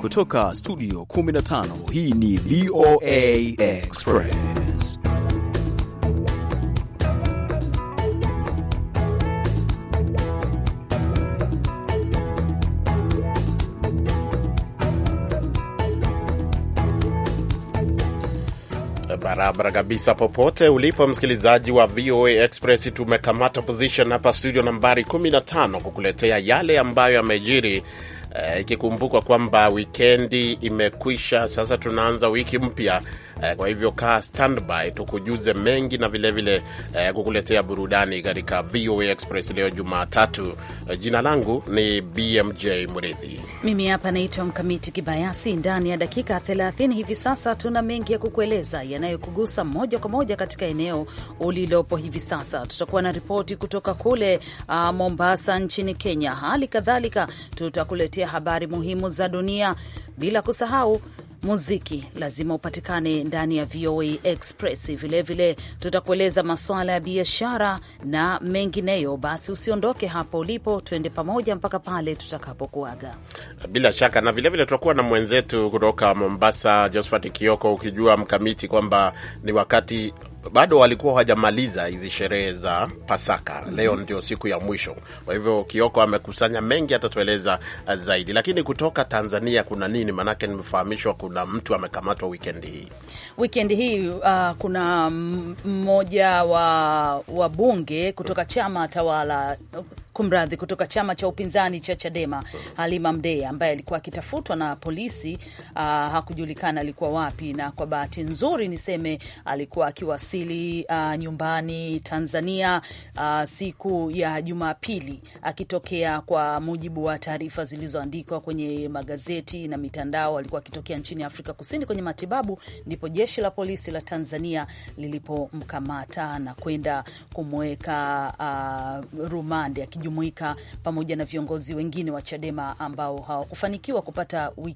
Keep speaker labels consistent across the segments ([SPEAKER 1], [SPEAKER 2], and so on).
[SPEAKER 1] Kutoka studio 15 hii ni VOA Express.
[SPEAKER 2] Barabara kabisa, popote ulipo msikilizaji wa VOA Express, tumekamata position hapa studio nambari 15 kukuletea yale ambayo yamejiri Eh, ikikumbukwa kwamba wikendi imekwisha, sasa tunaanza wiki mpya Eh, kwa hivyo kaa standby, tukujuze mengi na vilevile vile, eh, kukuletea burudani katika VOA Express leo Jumatatu. Eh, jina langu ni BMJ mridhi
[SPEAKER 3] mimi hapa naitwa Mkamiti Kibayasi. Ndani ya dakika 30 hivi sasa tuna mengi ya kukueleza yanayokugusa moja kwa moja katika eneo ulilopo hivi sasa. Tutakuwa na ripoti kutoka kule uh, Mombasa nchini Kenya. Hali kadhalika tutakuletea habari muhimu za dunia bila kusahau muziki lazima upatikane ndani ya VOA Express. Vilevile tutakueleza masuala ya biashara na mengineyo. Basi usiondoke hapo ulipo, tuende pamoja mpaka pale tutakapokuaga,
[SPEAKER 2] bila shaka. Na vilevile tutakuwa na mwenzetu kutoka Mombasa, Josphat Kioko, ukijua mkamiti kwamba ni wakati bado walikuwa hawajamaliza hizi sherehe za Pasaka. Leo ndio siku ya mwisho, kwa hivyo Kioko amekusanya mengi, atatueleza uh, zaidi. Lakini kutoka Tanzania kuna nini? Maanake nimefahamishwa kuna mtu amekamatwa wikendi hii,
[SPEAKER 3] wikendi hii uh, kuna mmoja wa wabunge kutoka chama tawala kumradhi, kutoka chama cha upinzani cha Chadema Halima Mdee ambaye alikuwa akitafutwa na polisi uh, hakujulikana alikuwa wapi, na kwa bahati nzuri niseme alikuwa akiwasili uh, nyumbani Tanzania uh, siku ya Jumapili akitokea, kwa mujibu wa taarifa zilizoandikwa kwenye magazeti na mitandao, alikuwa akitokea nchini Afrika Kusini kwenye matibabu, ndipo jeshi la polisi la Tanzania lilipomkamata na kwenda kumweka uh, rumande kujumuika pamoja na viongozi wengine wa Chadema ambao hawakufanikiwa kupata uh,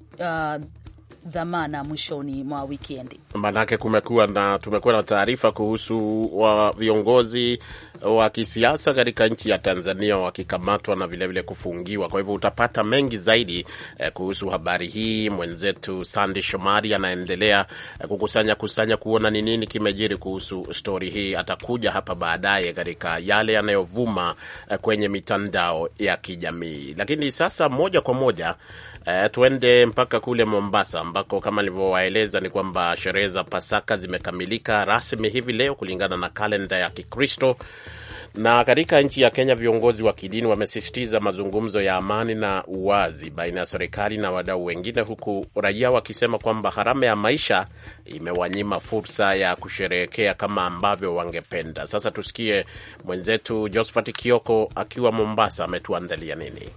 [SPEAKER 3] dhamana mwishoni mwa wikendi.
[SPEAKER 2] Maanake kumekuwa na tumekuwa na taarifa kuhusu wa viongozi wa kisiasa katika nchi ya Tanzania wakikamatwa na vilevile vile kufungiwa. Kwa hivyo utapata mengi zaidi eh, kuhusu habari hii. Mwenzetu Sandi Shomari anaendelea eh, kukusanya kusanya kuona ni nini kimejiri kuhusu stori hii. Atakuja hapa baadaye katika yale yanayovuma eh, kwenye mitandao ya kijamii, lakini sasa moja kwa moja Uh, eh, tuende mpaka kule Mombasa ambako kama nilivyowaeleza ni kwamba sherehe za Pasaka zimekamilika rasmi hivi leo kulingana na kalenda ya Kikristo na katika nchi ya Kenya viongozi wa kidini wamesisitiza mazungumzo ya amani na uwazi baina ya serikali na wadau wengine, huku raia wakisema kwamba gharama ya maisha imewanyima fursa ya kusherehekea kama ambavyo wangependa. Sasa tusikie mwenzetu Josephat Kioko akiwa Mombasa ametuandalia nini.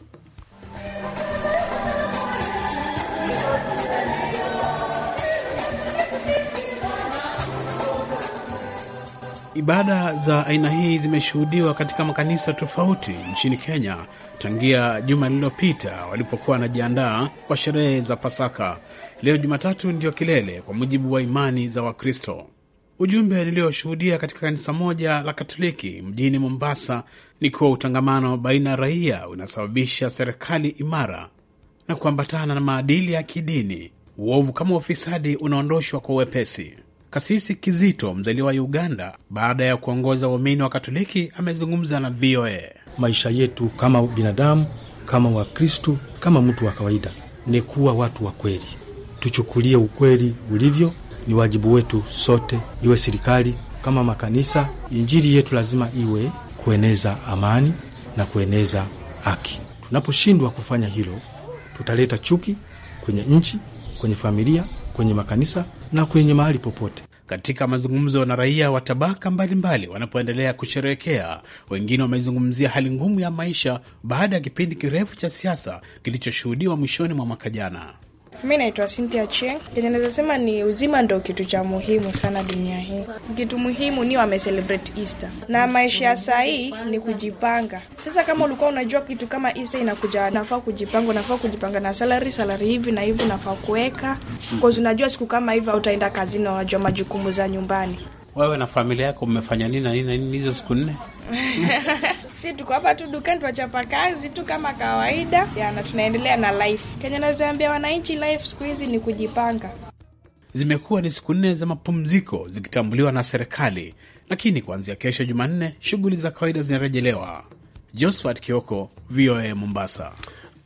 [SPEAKER 1] Ibada za aina hii zimeshuhudiwa katika makanisa tofauti nchini Kenya tangia juma lililopita walipokuwa wanajiandaa kwa sherehe za Pasaka. Leo Jumatatu ndiyo kilele kwa mujibu wa imani za Wakristo. Ujumbe nilioshuhudia katika kanisa moja la Katoliki mjini Mombasa ni kuwa utangamano baina ya raia unasababisha serikali imara na kuambatana na maadili ya kidini. Uovu kama ufisadi unaondoshwa kwa uwepesi. Kasisi Kizito, mzaliwa wa Uganda, baada ya kuongoza waumini wa Katoliki, amezungumza na VOA. Maisha yetu kama binadamu, kama Wakristu, kama mtu wa kawaida ni kuwa watu wa kweli. Tuchukulie ukweli ulivyo, ni wajibu wetu sote, iwe serikali kama makanisa. Injili yetu lazima iwe kueneza amani na kueneza haki. Tunaposhindwa kufanya hilo, tutaleta chuki kwenye nchi, kwenye familia, kwenye makanisa na kwenye mahali popote. Katika mazungumzo na raia wa tabaka mbalimbali wanapoendelea kusherehekea, wengine wamezungumzia hali ngumu ya maisha baada ya kipindi kirefu cha siasa kilichoshuhudiwa mwishoni mwa mwaka jana.
[SPEAKER 4] Mi naitwa Cynthia Chieng. Kenye naweza sema ni uzima ndo kitu cha muhimu sana dunia
[SPEAKER 3] hii. Kitu muhimu ni wamecelebrate Easter, na maisha ya saa ni kujipanga. Sasa kama ulikuwa unajua kitu kama Easter inakuja, nafaa kujipanga, nafaa kujipanga na salary, salary hivi na hivi nafaa kuweka, sababu unajua siku kama hivi utaenda kazini na unajua majukumu za nyumbani.
[SPEAKER 1] Wewe na familia yako mmefanya nini na nini na nini hizo siku nne?
[SPEAKER 3] Si tuko hapa tu dukani, tuachapa kazi tu kama kawaida na tunaendelea na life. Kenya nazambia wananchi, life siku hizi ni kujipanga.
[SPEAKER 1] Zimekuwa ni siku nne za mapumziko zikitambuliwa na serikali, lakini kuanzia kesho Jumanne shughuli za kawaida zinarejelewa. Josephat Kioko, VOA Mombasa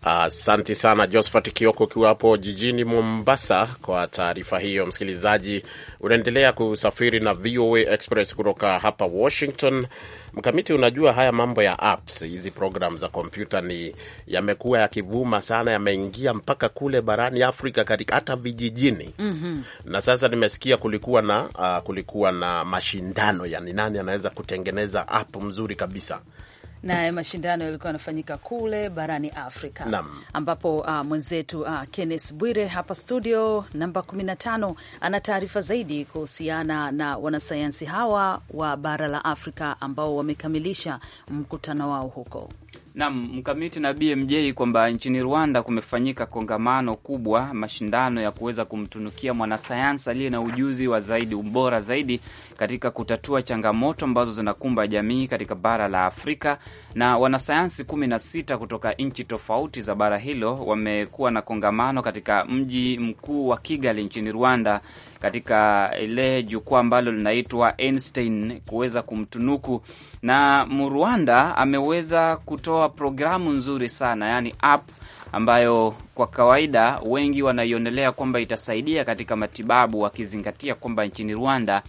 [SPEAKER 2] asanti uh, sana Josphat Kioko ukiwa hapo jijini Mombasa kwa taarifa hiyo. Msikilizaji, unaendelea kusafiri na VOA Express kutoka hapa Washington. Mkamiti, unajua haya mambo ya apps hizi program za kompyuta ni yamekuwa yakivuma sana, yameingia mpaka kule barani Afrika katika hata vijijini mm -hmm. Na sasa nimesikia kulikuwa na uh, kulikuwa na mashindano, yani nani anaweza kutengeneza app mzuri kabisa
[SPEAKER 3] na mashindano yalikuwa yanafanyika kule barani Afrika Nam. ambapo uh, mwenzetu uh, ah, Kennes Bwire hapa studio namba 15 ana taarifa zaidi kuhusiana na wanasayansi hawa wa bara la Afrika ambao wamekamilisha mkutano wao huko.
[SPEAKER 5] Nam mkamiti na BMJ kwamba nchini Rwanda kumefanyika kongamano kubwa, mashindano ya kuweza kumtunukia mwanasayansi aliye na ujuzi wa zaidi, ubora zaidi katika kutatua changamoto ambazo zinakumba jamii katika bara la Afrika. Na wanasayansi kumi na sita kutoka nchi tofauti za bara hilo wamekuwa na kongamano katika mji mkuu wa Kigali nchini Rwanda katika ile jukwaa ambalo linaitwa Einstein kuweza kumtunuku, na Mrwanda ameweza kutoa programu nzuri sana, yani app ambayo kwa kawaida wengi wanaionelea kwamba itasaidia katika matibabu, wakizingatia kwamba nchini Rwanda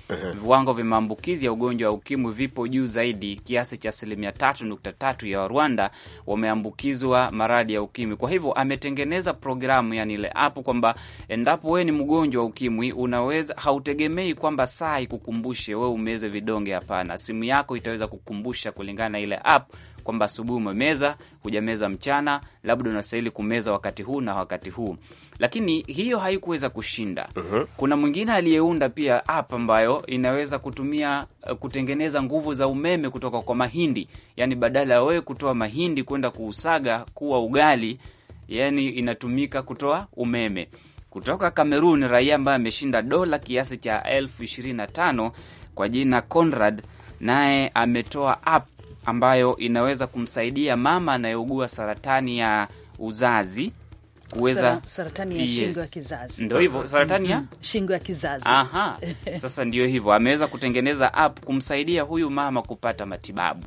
[SPEAKER 5] viwango vya maambukizi ya ugonjwa wa ukimwi vipo juu zaidi, kiasi cha asilimia tatu nukta tatu ya Warwanda wameambukizwa maradhi ya ukimwi. Kwa hivyo ametengeneza programu, yani ile app, kwamba endapo wewe ni mgonjwa wa ukimwi unaweza, hautegemei kwamba saa ikukumbushe wewe umeze vidonge. Hapana, simu yako itaweza kukumbusha kulingana na ile app kwamba asubuhi umemeza, hujameza mchana, labda unastahili kumeza wakati huu na wakati huu, lakini hiyo haikuweza kushinda. uh -huh. Kuna mwingine aliyeunda pia app ambayo inaweza kutumia eh, kutengeneza nguvu za umeme kutoka kwa mahindi, yani badala ya wewe kutoa mahindi kwenda kuusaga kuwa ugali, yani inatumika kutoa umeme kutoka Kamerun, raia ambaye ameshinda dola kiasi cha elfu ishirini na tano kwa jina Conrad, naye ametoa app ambayo inaweza kumsaidia mama anayeugua saratani ya uzazi kuweza saratani ya shingo ya kizazi. Ndio hivyo saratani ya
[SPEAKER 3] mm-hmm. shingo ya kizazi. Aha.
[SPEAKER 5] Sasa ndio hivyo ameweza kutengeneza app kumsaidia huyu mama kupata matibabu.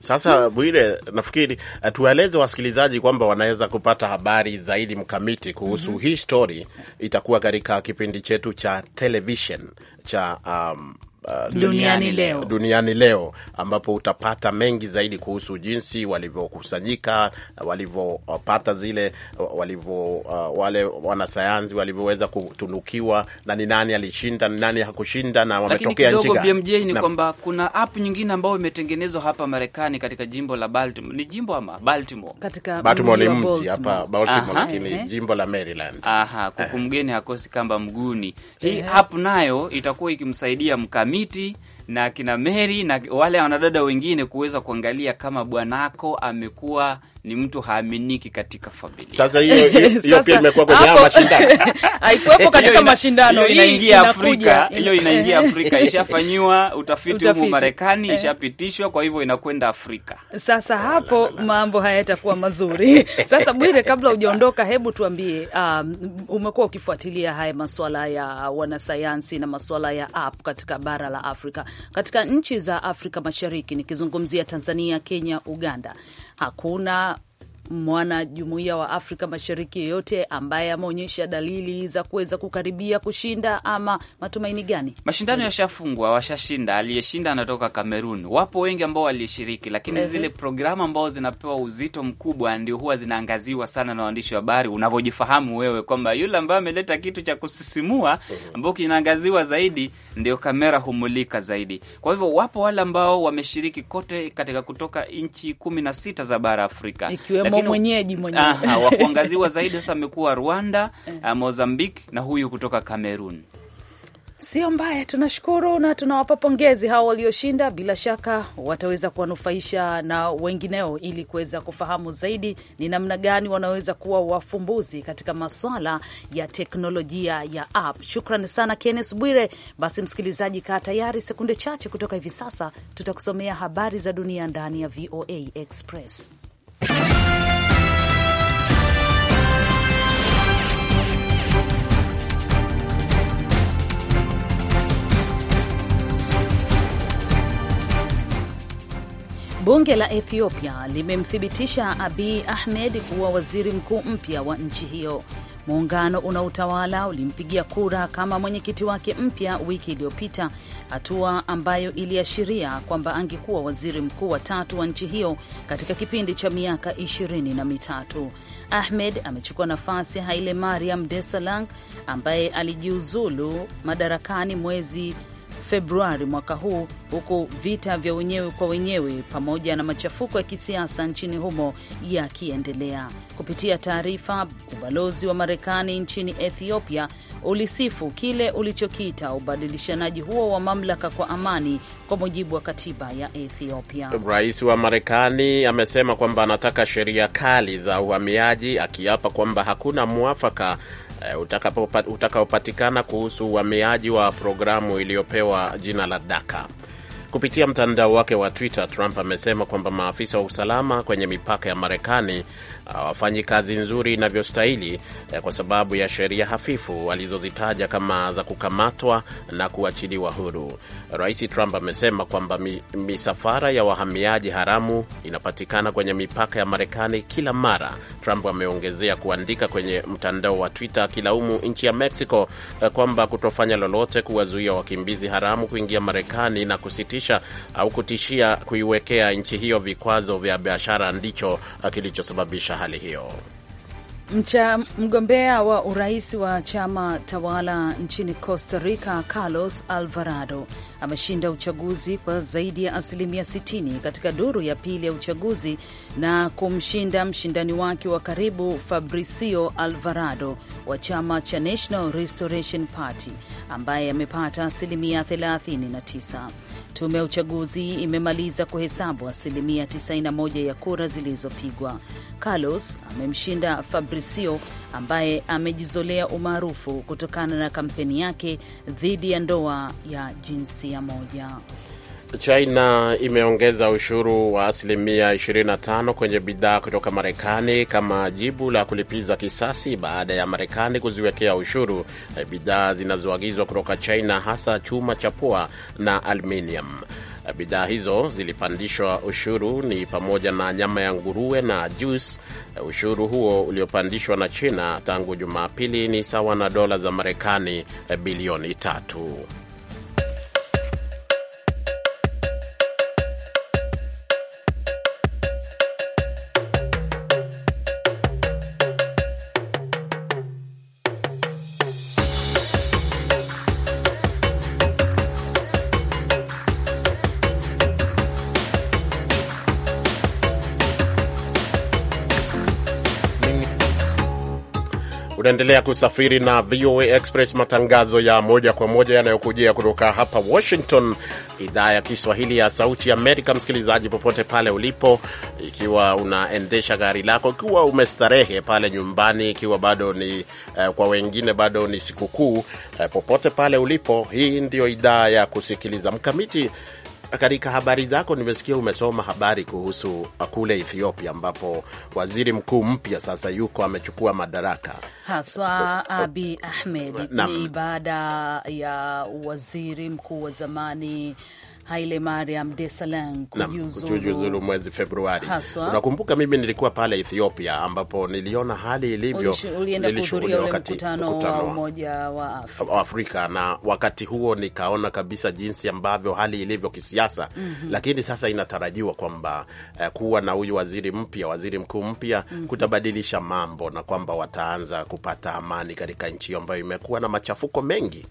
[SPEAKER 2] Sasa Bwire, nafikiri eh, tuwaeleze wasikilizaji kwamba wanaweza kupata habari zaidi mkamiti kuhusu mm -hmm. hii stori itakuwa katika kipindi chetu cha television cha um, uh, duniani leo, duniani leo ambapo utapata mengi zaidi kuhusu jinsi walivyokusanyika, walivyopata zile walivyo, uh, wale wanasayansi walivyoweza kutunukiwa na ni nani alishinda, ni nani hakushinda na wametokea nchi gani. BMJ ni kwamba
[SPEAKER 5] kuna app nyingine ambayo imetengenezwa hapa Marekani katika jimbo la Baltimore, ni jimbo ama Baltimore,
[SPEAKER 3] katika Baltimore ni mji hapa Baltimore, lakini eh.
[SPEAKER 5] jimbo la Maryland. Aha, kuku eh. mgeni hakosi kamba mguni. Hii eh. app nayo itakuwa ikimsaidia mka miti na akina Meri na wale wanadada wengine kuweza kuangalia kama bwanako amekuwa ni mtu haaminiki katika familia. Sasa hiyo hiyo pia imekuwa kwenye mashindano, haikuwepo katika mashindano, inaingia Afrika hiyo, inaingia Afrika, ishafanyiwa utafiti huko Marekani, eh. ishapitishwa, kwa hivyo inakwenda Afrika.
[SPEAKER 3] Sasa hapo mambo hayatakuwa mazuri. Sasa Bwire, kabla hujaondoka, hebu tuambie, um, umekuwa ukifuatilia haya maswala ya wanasayansi na maswala ya app katika bara la Afrika, katika nchi za Afrika Mashariki, nikizungumzia Tanzania, Kenya, Uganda hakuna mwana jumuia wa Afrika Mashariki yeyote ambaye ameonyesha dalili za kuweza kukaribia kushinda ama matumaini gani?
[SPEAKER 5] Mashindano yashafungwa, washashinda. Aliyeshinda anatoka Kamerun. Wapo wengi ambao walishiriki, lakini Ehe. zile programu ambao zinapewa uzito mkubwa ndio huwa zinaangaziwa sana na waandishi wa habari, unavyojifahamu wewe kwamba yule ambaye ameleta kitu cha kusisimua ambao kinaangaziwa zaidi ndio kamera humulika zaidi. Kwa hivyo wapo wale ambao wameshiriki kote katika kutoka nchi kumi na sita za bara Afrika, ikiwemo wengine mwenyeji
[SPEAKER 3] mwenyewe wa kuangaziwa zaidi sasa
[SPEAKER 5] amekuwa Rwanda, eh. Eh, Mozambique na huyu kutoka Cameroon.
[SPEAKER 3] Sio mbaya, tunashukuru na tunawapa pongezi hao walioshinda. Bila shaka wataweza kuwanufaisha na wengineo, ili kuweza kufahamu zaidi ni namna gani wanaweza kuwa wafumbuzi katika maswala ya teknolojia ya app. Shukran sana Kenneth Bwire. Basi msikilizaji, kaa tayari, sekunde chache kutoka hivi sasa tutakusomea habari za dunia ndani ya VOA Express. Bunge la Ethiopia limemthibitisha Abiy Ahmed kuwa waziri mkuu mpya wa nchi hiyo. Muungano unaotawala ulimpigia kura kama mwenyekiti wake mpya wiki iliyopita, hatua ambayo iliashiria kwamba angekuwa waziri mkuu wa tatu wa nchi hiyo katika kipindi cha miaka ishirini na mitatu. Ahmed amechukua nafasi Haile Mariam Desalegn ambaye alijiuzulu madarakani mwezi Februari mwaka huu, huku vita vya wenyewe kwa wenyewe pamoja na machafuko ya kisiasa nchini humo yakiendelea. Kupitia taarifa, ubalozi wa Marekani nchini Ethiopia ulisifu kile ulichokiita ubadilishanaji huo wa mamlaka kwa amani kwa mujibu wa katiba ya Ethiopia.
[SPEAKER 2] Rais wa Marekani amesema kwamba anataka sheria kali za uhamiaji, akiapa kwamba hakuna mwafaka Eh, utakaopatikana kuhusu uhamiaji wa programu iliyopewa jina la Daka. Kupitia mtandao wake wa Twitter, Trump amesema kwamba maafisa wa usalama kwenye mipaka ya Marekani hawafanyi kazi nzuri inavyostahili eh, kwa sababu ya sheria hafifu alizozitaja kama za kukamatwa na kuachiliwa huru. Rais Trump amesema kwamba misafara ya wahamiaji haramu inapatikana kwenye mipaka ya Marekani kila mara. Trump ameongezea kuandika kwenye mtandao wa Twitter akilaumu nchi ya Mexico eh, kwamba kutofanya lolote kuwazuia wakimbizi haramu kuingia Marekani na kusitisha au kutishia kuiwekea nchi hiyo vikwazo vya biashara ndicho eh, kilichosababisha hali hiyo.
[SPEAKER 3] Mcha, mgombea wa urais wa chama tawala nchini Costa Rica Carlos Alvarado ameshinda uchaguzi kwa zaidi ya asilimia 60 katika duru ya pili ya uchaguzi na kumshinda mshindani wake wa karibu Fabricio Alvarado wa chama cha National Restoration Party ambaye amepata asilimia 39. Tume ya uchaguzi imemaliza kuhesabu asilimia 91 ya kura zilizopigwa. Carlos amemshinda Fabricio ambaye amejizolea umaarufu kutokana na kampeni yake dhidi ya ndoa ya jinsia moja.
[SPEAKER 2] China imeongeza ushuru wa asilimia 25 kwenye bidhaa kutoka Marekani kama jibu la kulipiza kisasi baada ya Marekani kuziwekea ushuru eh, bidhaa zinazoagizwa kutoka China, hasa chuma cha pua na aluminium. Eh, bidhaa hizo zilipandishwa ushuru ni pamoja na nyama ya nguruwe na juice. Eh, ushuru huo uliopandishwa na China tangu Jumapili ni sawa na dola za Marekani bilioni tatu. Unaendelea kusafiri na VOA Express, matangazo ya moja kwa moja yanayokujia kutoka hapa Washington, idhaa ya Kiswahili ya Sauti Amerika. Msikilizaji popote pale ulipo, ikiwa unaendesha gari lako, ikiwa umestarehe pale nyumbani, ikiwa bado ni eh, kwa wengine bado ni sikukuu eh, popote pale ulipo, hii ndiyo idhaa ya kusikiliza mkamiti katika habari zako nimesikia umesoma habari kuhusu kule Ethiopia ambapo waziri mkuu mpya sasa yuko amechukua madaraka
[SPEAKER 3] haswa Abi Ahmed. Ni baada ya waziri mkuu wa zamani Haile Mariam Desalegn kujiuzulu
[SPEAKER 2] mwezi Februari. Unakumbuka mimi nilikuwa pale Ethiopia ambapo niliona hali ilivyo, nilishuhudia wakati mkutano wa
[SPEAKER 3] Umoja wa Afrika.
[SPEAKER 2] Afrika na wakati huo nikaona kabisa jinsi ambavyo hali ilivyo kisiasa mm -hmm. Lakini sasa inatarajiwa kwamba uh, kuwa na huyu waziri mpya, waziri mkuu mpya mm -hmm. kutabadilisha mambo na kwamba wataanza kupata amani katika nchi hiyo ambayo imekuwa na machafuko mengi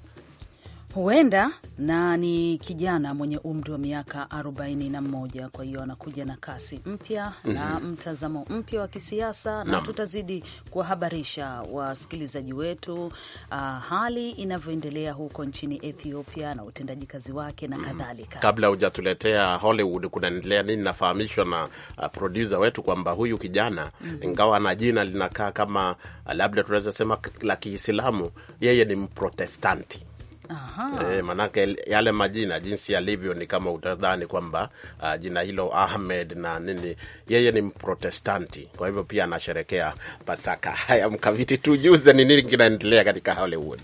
[SPEAKER 3] huenda na ni kijana mwenye umri wa miaka 41. Kwa hiyo anakuja na kasi mpya mm -hmm. na mhm. mtazamo mpya wa kisiasa na, na tutazidi kuwahabarisha wasikilizaji wetu uh, hali inavyoendelea huko nchini Ethiopia na utendaji kazi wake na mhm. kadhalika.
[SPEAKER 2] Kabla hujatuletea Hollywood kunaendelea nini, nafahamishwa na uh, ah, produsa wetu kwamba huyu kijana mm -hmm. ingawa na jina linakaa kama labda tunaweza sema la Kiislamu, yeye ni Mprotestanti. E, manake yale majina jinsi yalivyo ni kama utadhani kwamba uh, jina hilo Ahmed na nini, yeye ni Mprotestanti, kwa hivyo pia anasherekea Pasaka. Haya, Mkaviti, tujuze ni nini kinaendelea katika Hollywood.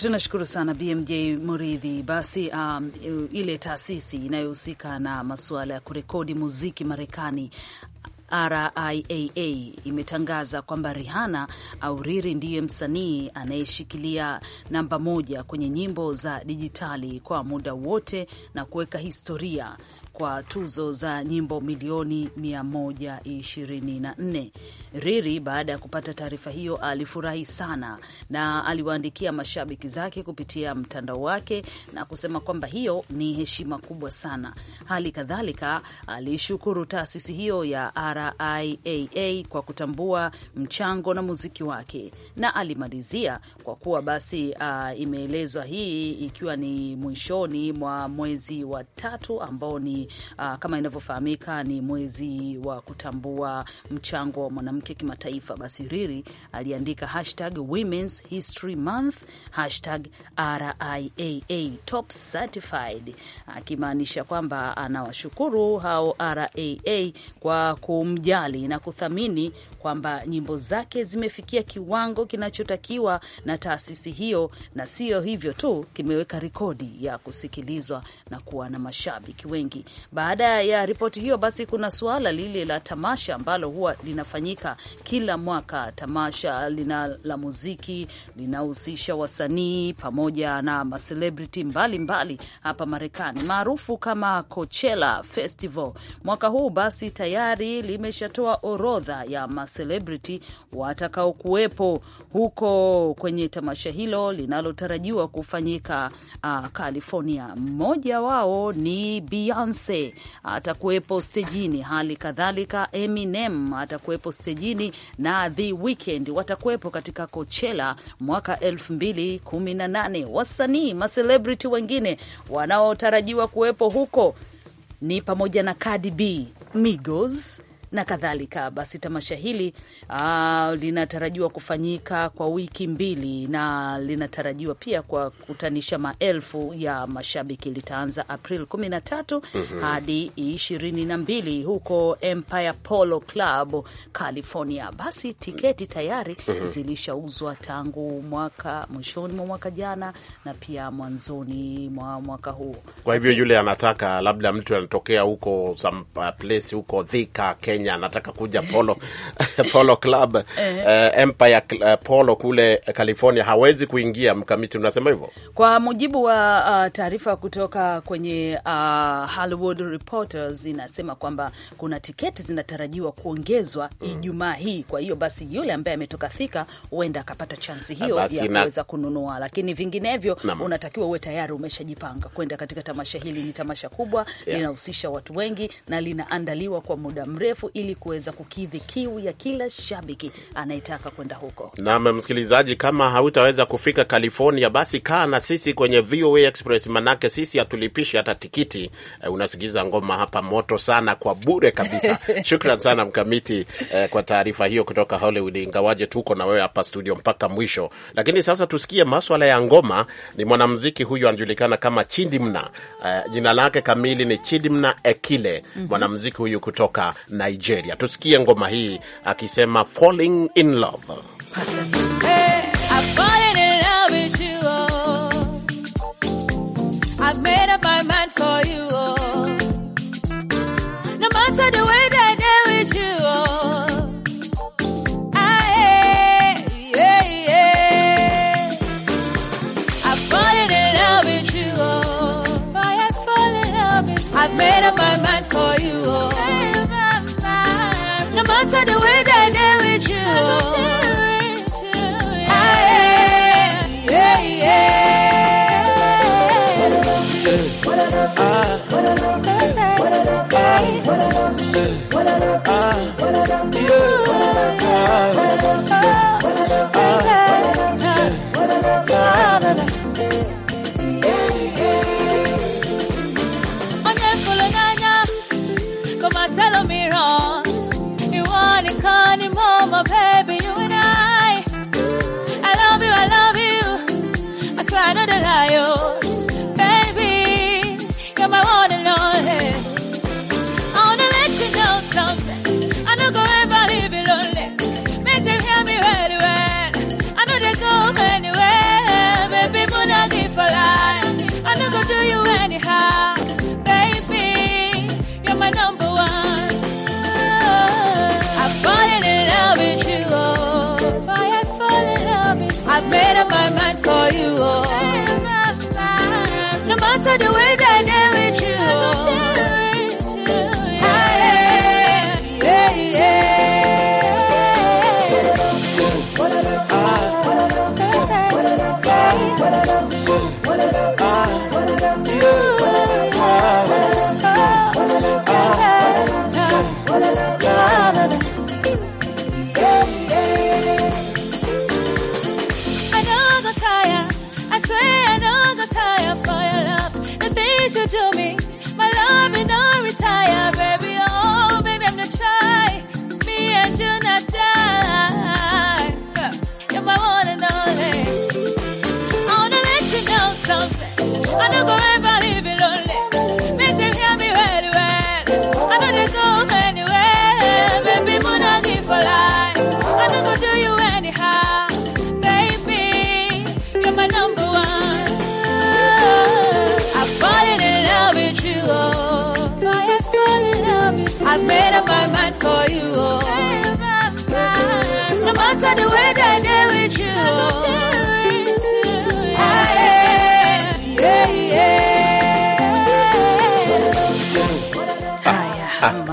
[SPEAKER 3] Tunashukuru sana BMJ Muridhi. Basi um, ile taasisi inayohusika na masuala ya kurekodi muziki Marekani RIAA imetangaza kwamba Rihanna au Riri ndiye msanii anayeshikilia namba moja kwenye nyimbo za dijitali kwa muda wote na kuweka historia kwa tuzo za nyimbo milioni 124. Riri baada ya kupata taarifa hiyo alifurahi sana na aliwaandikia mashabiki zake kupitia mtandao wake na kusema kwamba hiyo ni heshima kubwa sana. Hali kadhalika alishukuru taasisi hiyo ya RIAA kwa kutambua mchango na muziki wake, na alimalizia kwa kuwa basi, uh, imeelezwa hii ikiwa ni mwishoni mwa mwezi wa tatu ambao ni uh, kama inavyofahamika ni mwezi wa kutambua mchango wa mwanamke kimataifa. Basi Riri aliandika hashtag Women's History Month hashtag RIAA Top Certified, akimaanisha kwamba anawashukuru hao raa kwa kumjali na kuthamini kwamba nyimbo zake zimefikia kiwango kinachotakiwa na taasisi hiyo, na siyo hivyo tu, kimeweka rekodi ya kusikilizwa na kuwa na mashabiki wengi. Baada ya ripoti hiyo, basi kuna suala lile la tamasha ambalo huwa linafanyika kila mwaka. Tamasha lina la muziki linahusisha wasanii pamoja na maselebriti mbalimbali hapa Marekani, maarufu kama Coachella Festival. Mwaka huu basi tayari limeshatoa orodha ya mas celebrity watakaokuwepo huko kwenye tamasha hilo linalotarajiwa kufanyika uh, California. Mmoja wao ni Beyonce atakuwepo stejini, hali kadhalika Eminem atakuwepo stejini na The Weeknd watakuwepo katika Coachella mwaka 2018. Wasanii macelebrity wengine wanaotarajiwa kuwepo huko ni pamoja na Cardi B, Migos, na kadhalika. Basi tamasha hili uh, linatarajiwa kufanyika kwa wiki mbili na linatarajiwa pia kwa kutanisha maelfu ya mashabiki. Litaanza April 13 mm -hmm. hadi 22 huko Empire Polo Club California. Basi tiketi tayari mm -hmm. zilishauzwa tangu mwaka mwishoni mwa mwaka jana na pia mwanzoni mwa mwaka huo
[SPEAKER 2] Kwa hivyo yule anataka labda mtu anatokea huko some uh, place huko Thika, Kenya Kenya, anataka kuja polo polo club eh, eh Empire eh, Polo kule eh, California, hawezi kuingia. Mkamiti, unasema hivyo
[SPEAKER 3] kwa mujibu wa uh, taarifa kutoka kwenye uh, Hollywood Reporters inasema kwamba kuna tiketi zinatarajiwa kuongezwa mm. Ijumaa hii. Kwa hiyo basi yule ambaye ametoka Thika huenda akapata chansi hiyo basi ya kuweza kununua, lakini vinginevyo Nama. unatakiwa uwe tayari umeshajipanga kwenda katika tamasha hili. Ni tamasha kubwa yeah. linahusisha watu wengi na linaandaliwa kwa muda mrefu ili kuweza kukidhi kiu ya kila shabiki anayetaka kwenda huko.
[SPEAKER 2] Naam msikilizaji, kama hautaweza kufika California, basi kaa na sisi kwenye VOA Express, manake sisi hatulipishi hata tikiti. Eh, unasikiza ngoma hapa moto sana kwa bure kabisa. Shukran sana Mkamiti eh, kwa taarifa hiyo kutoka Hollywood, ingawaje tuko na wewe hapa studio mpaka mwisho. Lakini sasa tusikie maswala ya ngoma. Ni mwanamziki huyu anajulikana kama Chindimna. eh, jina lake kamili ni Chindimna Ekile, mhm. mwanamuziki huyu kutoka Nigeria. Nigeria. Tusikie ngoma hii akisema falling in love.
[SPEAKER 6] Hey,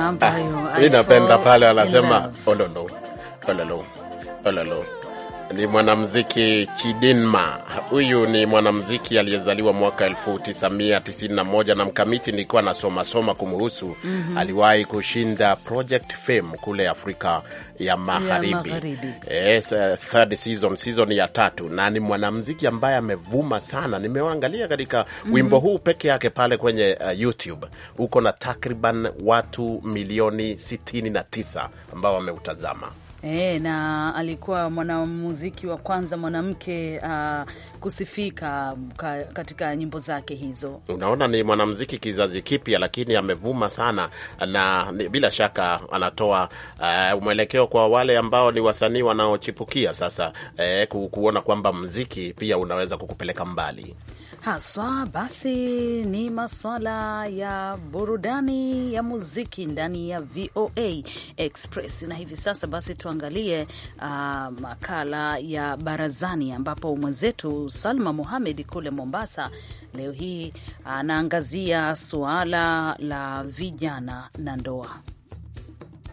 [SPEAKER 6] ambayo ah, napenda pale anasema
[SPEAKER 2] ololo ololo ololo ni mwanamuziki Chidinma. Huyu ni mwanamuziki aliyezaliwa mwaka 1991 na mkamiti, nilikuwa nasomasoma kumhusu mm -hmm. Aliwahi kushinda Project Fame kule Afrika ya Magharibi, yes, uh, third season, season ya tatu, na ni mwanamuziki ambaye amevuma sana. Nimewaangalia katika mm -hmm. wimbo huu peke yake pale kwenye uh, YouTube uko na takriban watu milioni 69 ambao wameutazama.
[SPEAKER 3] E, na alikuwa mwanamuziki wa kwanza mwanamke uh, kusifika ka, katika nyimbo zake hizo.
[SPEAKER 2] Unaona, ni mwanamuziki kizazi kipya, lakini amevuma sana na bila shaka anatoa uh, mwelekeo kwa wale ambao ni wasanii wanaochipukia sasa, eh, kuona kwamba muziki pia unaweza kukupeleka mbali
[SPEAKER 3] haswa basi ni maswala ya burudani ya muziki ndani ya VOA Express. Na hivi sasa basi tuangalie uh, makala ya barazani ambapo mwenzetu Salma muhamed kule Mombasa leo hii anaangazia uh, suala la vijana na ndoa.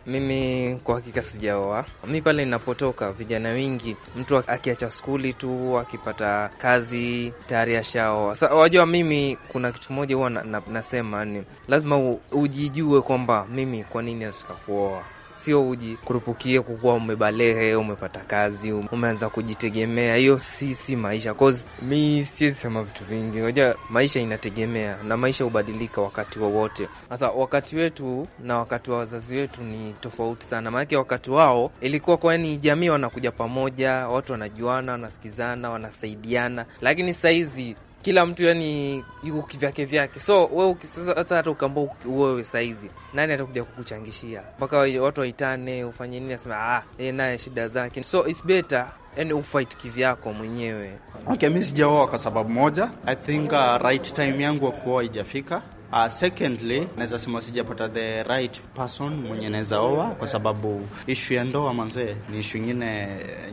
[SPEAKER 4] Mimi kwa hakika sijaoa. Mi pale ninapotoka, vijana wengi, mtu akiacha skuli tu akipata kazi tayari ashaoa. Sa wajua, mimi kuna kitu moja huwa na, na, nasema ni lazima u, ujijue kwamba mimi kwa nini nataka kuoa sio uji kurupukie kukuwa umebalehe, umepata kazi, um-, umeanza kujitegemea. Hiyo si si maisha, cause mi siwezi sema vitu vingi. Unajua maisha inategemea na maisha hubadilika wakati wowote wa sasa. Wakati wetu na wakati wa wazazi wetu ni tofauti sana, maanake wakati wao ilikuwa kwani jamii wanakuja pamoja, watu wanajuana, wanasikizana, wanasaidiana, lakini sahizi kila mtu yani yuko kivyake vyake, so we sasa hata ukaambua wewe saizi, nani atakuja kukuchangishia mpaka watu waitane ufanye nini? Asema ah, yeye naye shida zake, so it's better yani ufight kivyako mwenyewe.
[SPEAKER 7] Okay, mi sijaoa kwa sababu moja, I think uh, right time yangu wakuoa ijafika Uh, secondly naweza sema sijapata the right person mwenye naweza oa, kwa sababu ishu ya ndoa manze ni ishu nyingine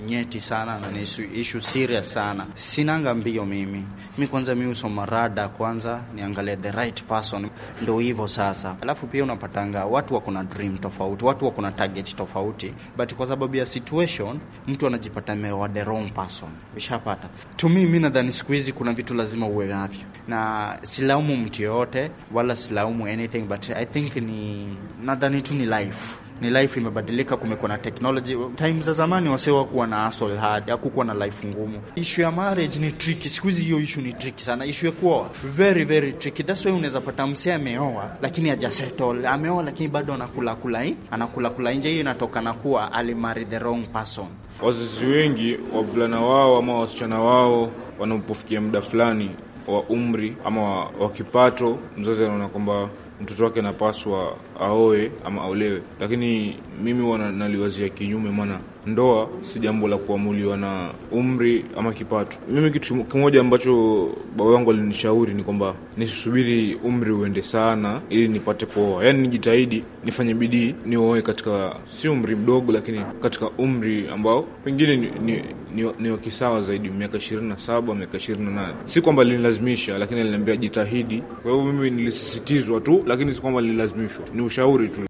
[SPEAKER 7] nyeti sana na ni ishu serious sana. Sinanga mbio mimi mi, kwanza mi usoma rada kwanza niangalie the right person, ndo hivyo sasa. Alafu pia unapatanga watu wako na dream tofauti, watu wako na target tofauti, but kwa sababu ya situation mtu anajipata ameoa the wrong person. Ushapata to me, mi nadhani siku hizi kuna vitu lazima uwe navyo, na silaumu mtu yoyote wala silaumu anything but I think ni nadhani tu ni life ni life imebadilika, kumekuwa na technology. Time za zamani wase wakuwa na asol hard, hakukuwa na life ngumu. Issue ya marriage ni tricky siku hizi, hiyo issue ni tricky sana. Issue ya kuoa very very tricky, that's why unaweza pata msee ameoa lakini haja settle, ameoa lakini bado anakula kula hii anakula kula nje. Hiyo inatoka na kuwa alimarry the wrong person.
[SPEAKER 1] Wazazi wengi wavulana wao ama wasichana wao wanapofikia muda fulani wa umri ama wa kipato, mzazi anaona kwamba mtoto wake anapaswa aoe ama aolewe, lakini mimi naliwazia kinyume, maana ndoa si jambo la kuamuliwa na umri ama kipato. Mimi kitu kimoja ambacho baba yangu alinishauri ni kwamba nisisubiri umri uende sana ili nipate kuoa, yaani nijitahidi nifanye bidii nioe katika si umri mdogo, lakini katika umri ambao pengine ni, ni, ni, ni wakisawa zaidi, miaka ishirini na saba miaka ishirini na nane Si kwamba linilazimisha, lakini aliniambia jitahidi. Kwa hiyo mimi nilisisitizwa tu, lakini si kwamba nililazimishwa, ni ushauri tu.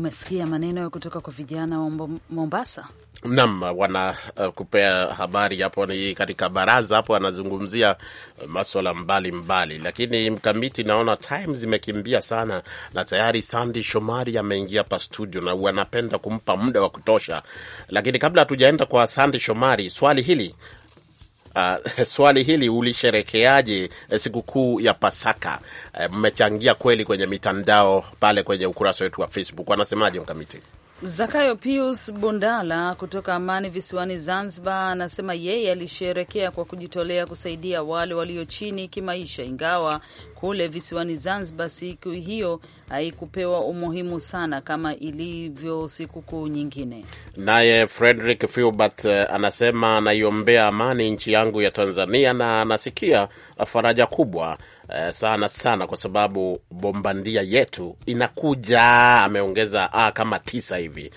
[SPEAKER 3] Umesikia maneno kutoka kwa vijana wa Mombasa.
[SPEAKER 2] nam wanakupea uh, habari hapo. Ni katika baraza hapo, anazungumzia uh, maswala mbalimbali, lakini mkamiti, naona time zimekimbia sana, na tayari Sandi Shomari ameingia hapa studio na wanapenda kumpa muda wa kutosha, lakini kabla hatujaenda kwa Sandi Shomari, swali hili Uh, swali hili ulisherekeaje eh, sikukuu ya Pasaka? Eh, mmechangia uh, kweli kwenye mitandao pale kwenye ukurasa wetu wa Facebook, wanasemaje mkamiti?
[SPEAKER 3] Zakayo Pius Bundala kutoka Amani visiwani Zanzibar anasema yeye alisherekea kwa kujitolea kusaidia wale walio chini kimaisha, ingawa kule visiwani Zanzibar siku hiyo haikupewa umuhimu sana kama ilivyo sikukuu nyingine.
[SPEAKER 2] Naye Frederick Filbert eh, anasema anaiombea amani nchi yangu ya Tanzania na anasikia faraja kubwa eh, sana sana, kwa sababu bombandia yetu inakuja. Ameongeza ah, kama tisa hivi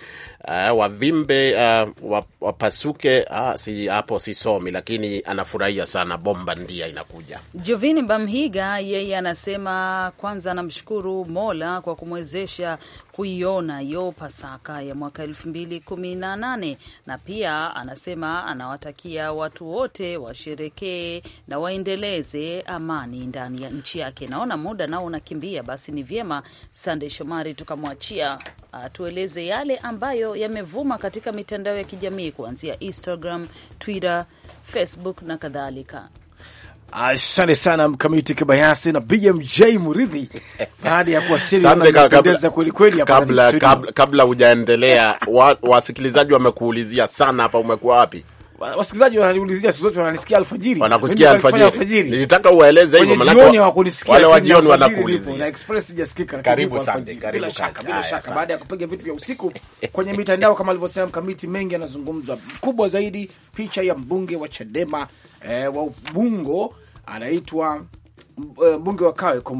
[SPEAKER 2] uh, wavimbe uh, wapasuke uh, si hapo sisomi, lakini anafurahia sana bomba ndia inakuja.
[SPEAKER 3] Jovini Bamhiga yeye anasema kwanza anamshukuru Mola kwa kumwezesha kuiona hiyo Pasaka ya mwaka elfu mbili kumi na nane na pia anasema anawatakia watu wote washerekee na waendeleze amani ndani ya nchi yake. Naona muda nao unakimbia, basi ni vyema Sande Shomari tukamwachia atueleze yale ambayo yamevuma katika mitandao ya kijamii kuanzia Instagram, Twitter, Facebook na kadhalika.
[SPEAKER 8] Asante sana Mkamiti Kibayasi na BMJ Muridhi. Baada ya kuwasili wanapendeza kabla, Kabla
[SPEAKER 2] kabla hujaendelea, wasikilizaji wamekuulizia sana hapa, umekuwa wapi?
[SPEAKER 8] wasikilizaji wananiulizia siku zote, wananisikia alfajiri, wanakusikia alfajiri.
[SPEAKER 2] Nilitaka uwaeleze hivyo, maana wale wa jioni wanakuulizia na
[SPEAKER 8] express sijasikika. Karibu sana, karibu sana, bila shaka, baada ya kupiga vitu vya usiku kwenye mitandao kama alivyosema mkamiti, mengi yanazungumzwa, kubwa zaidi picha ya mbunge wa Chadema eh, wa Ubungo anaitwa eh, mbunge wa Kawe kwa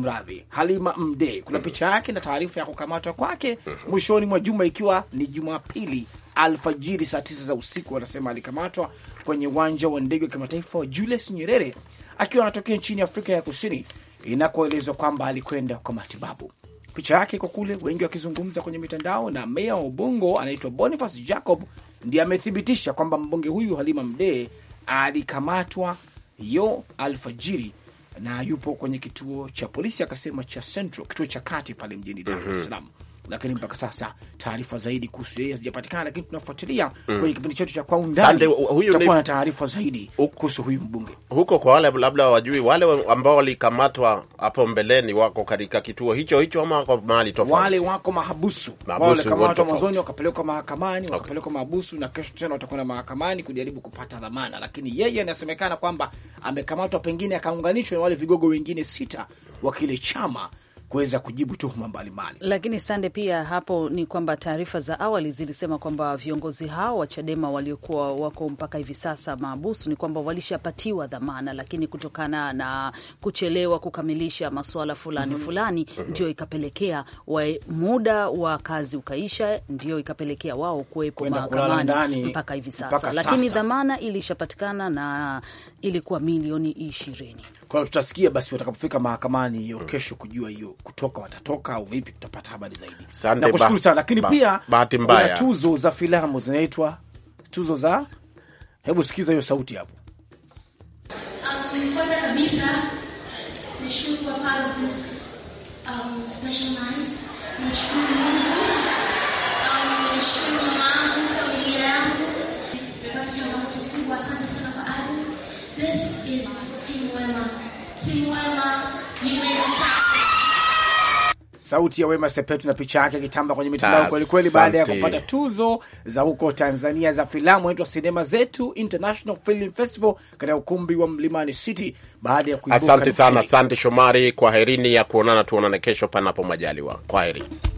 [SPEAKER 8] Halima Mdee, kuna mm. picha yake na taarifa ya kukamatwa kwake mm-hmm. mwishoni mwa juma, ikiwa ni Jumapili alfajiri saa tisa za usiku, anasema alikamatwa kwenye uwanja wa ndege wa kimataifa wa Julius Nyerere akiwa anatokea nchini Afrika ya Kusini, inakoelezwa kwamba alikwenda kwa matibabu. Picha yake iko kule, wengi wakizungumza kwenye mitandao, na meya wa Ubungo anaitwa Boniface Jacob ndiye amethibitisha kwamba mbunge huyu Halima Mdee alikamatwa hiyo alfajiri na yupo kwenye kituo cha polisi akasema cha Central, kituo cha kati pale mjini Dar es mhm. Salaam. mm -hmm lakini mpaka sasa taarifa zaidi kuhusu yeye hazijapatikana, lakini tunafuatilia mm. kwenye kipindi chetu cha kwa undani tutakuwa na taarifa zaidi kuhusu huyu mbunge
[SPEAKER 2] huko. Kwa wale labda wajui, wale ambao walikamatwa hapo mbeleni wako katika kituo hicho hicho ama wako mahali tofauti?
[SPEAKER 8] Wale wako mahabusu, walikamatwa mwanzoni wakapelekwa mahakamani, wakapelekwa okay. mahabusu, na kesho tena watakwenda mahakamani kujaribu kupata dhamana, lakini yeye anasemekana kwamba amekamatwa, pengine akaunganishwa na wale vigogo wengine sita wa kile chama kuweza kujibu tuhuma mbalimbali.
[SPEAKER 3] Lakini sande pia hapo ni kwamba taarifa za awali zilisema kwamba viongozi hao wa Chadema waliokuwa wako mpaka hivi sasa maabusu ni kwamba walishapatiwa dhamana, lakini kutokana na kuchelewa kukamilisha masuala fulani mm -hmm. fulani mm -hmm. ndio ikapelekea wa muda wa kazi ukaisha, ndio ikapelekea wao kuwepo mahakamani mpaka hivi sasa, mpaka lakini sasa. dhamana ilishapatikana na ilikuwa milioni ishirini.
[SPEAKER 8] Kwa hiyo tutasikia basi watakapofika mahakamani hiyo mm. kesho kujua hiyo kutoka watatoka au vipi, tutapata habari zaidi. Na kushukuru sana lakini ba, pia bahati mbaya tuzo za filamu zinaitwa tuzo za, hebu sikiza hiyo sauti hapo.
[SPEAKER 3] Kwanza kabisa
[SPEAKER 6] nishukuru kwa this um, special night, nishukuru um, nishukuru Mungu, familia yangu, changamoto kubwa. Asante sana kwa Azim. This is
[SPEAKER 8] sauti ya Wema Sepetu na picha yake kitamba kwenye mitandao ah, kweli kweli, baada ya kupata tuzo za huko Tanzania za filamu inaitwa Sinema Zetu International Film Festival katika ukumbi wa Mlimani City baada ya kuibuka. Asante sana, asante
[SPEAKER 2] Shomari, kwaherini ya kuonana, tuonane kesho panapo majaliwa, kwaheri.